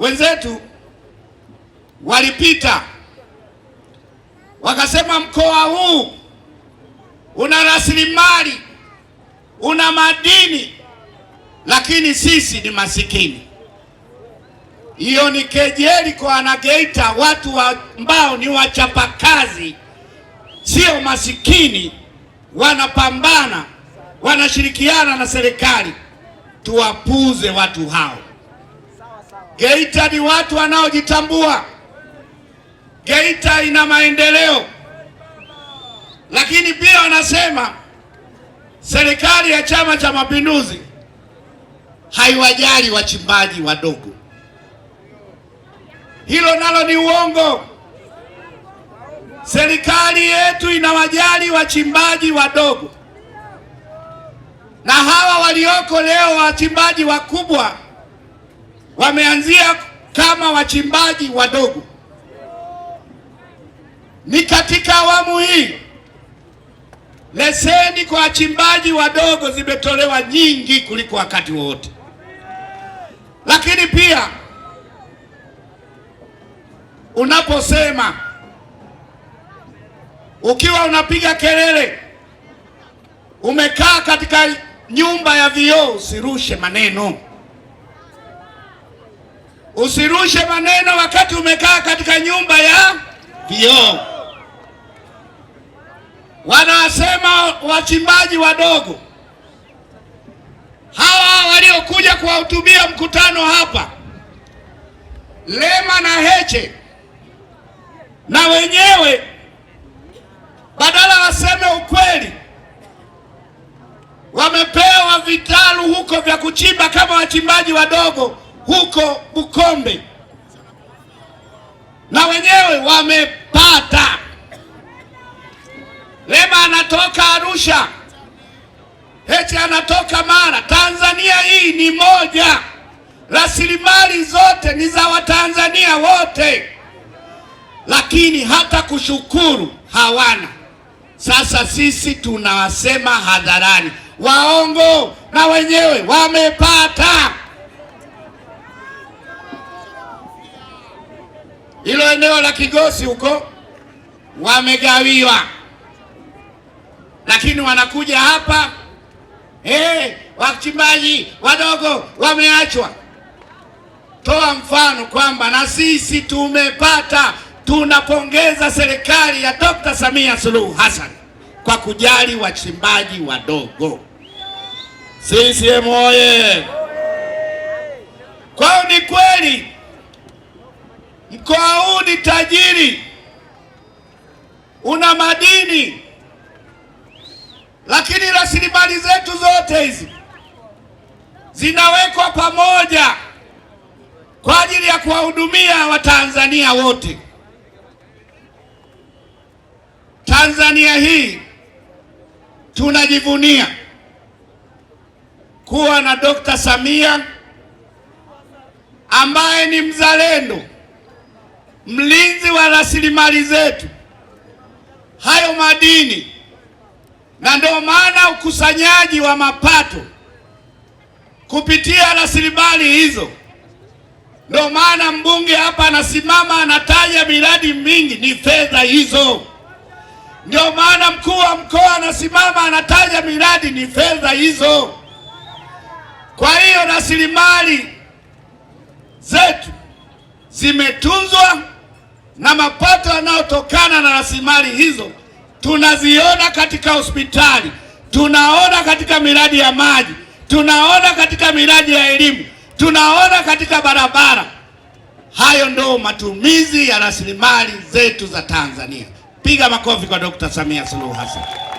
wenzetu walipita wakasema, mkoa huu una rasilimali, una madini, lakini sisi ni masikini. Hiyo ni kejeli kwa Wanageita, watu ambao wa ni wachapakazi, sio masikini, wanapambana, wanashirikiana na serikali. tuwapuze watu hao. Geita ni watu wanaojitambua. Geita ina maendeleo, lakini pia wanasema serikali ya Chama cha Mapinduzi haiwajali wachimbaji wadogo. Hilo nalo ni uongo. Serikali yetu inawajali wachimbaji wadogo, na hawa walioko leo wachimbaji wakubwa wameanzia kama wachimbaji wadogo. Ni katika awamu hii leseni kwa wachimbaji wadogo zimetolewa nyingi kuliko wakati wowote, lakini pia unaposema ukiwa unapiga kelele, umekaa katika nyumba ya vioo, usirushe maneno. Usirushe maneno wakati umekaa katika nyumba ya vioo. Wanasema wachimbaji wadogo hawa waliokuja kuwahutubia mkutano hapa, Lema na Heche, na wenyewe badala waseme ukweli, wamepewa vitalu huko vya kuchimba kama wachimbaji wadogo huko Bukombe na wenyewe wamepata. Lema anatoka Arusha, Heche anatoka Mara. Tanzania hii ni moja, rasilimali zote ni za Watanzania wote, lakini hata kushukuru hawana. Sasa sisi tunawasema hadharani waongo, na wenyewe wamepata. hilo eneo la Kigosi huko wamegawiwa, lakini wanakuja hapa hey, eh, wachimbaji wadogo wameachwa. Toa mfano kwamba na sisi tumepata. Tunapongeza serikali ya Dr. Samia Suluhu Hassan kwa kujali wachimbaji wadogo. CCM oye! Kwao ni kweli Mkoa huu ni tajiri, una madini, lakini rasilimali zetu zote hizi zinawekwa pamoja kwa ajili ya kuwahudumia Watanzania wote. Tanzania hii tunajivunia kuwa na Dr. Samia ambaye ni mzalendo mlinzi wa rasilimali zetu, hayo madini, na ndio maana ukusanyaji wa mapato kupitia rasilimali hizo. Ndio maana mbunge hapa anasimama anataja miradi mingi, ni fedha hizo. Ndio maana mkuu wa mkoa anasimama anataja miradi, ni fedha hizo. Kwa hiyo rasilimali zetu zimetunzwa na mapato yanayotokana na rasilimali hizo tunaziona katika hospitali, tunaona katika miradi ya maji, tunaona katika miradi ya elimu, tunaona katika barabara. Hayo ndo matumizi ya rasilimali zetu za Tanzania. Piga makofi kwa Dkt. Samia Suluhu Hassan.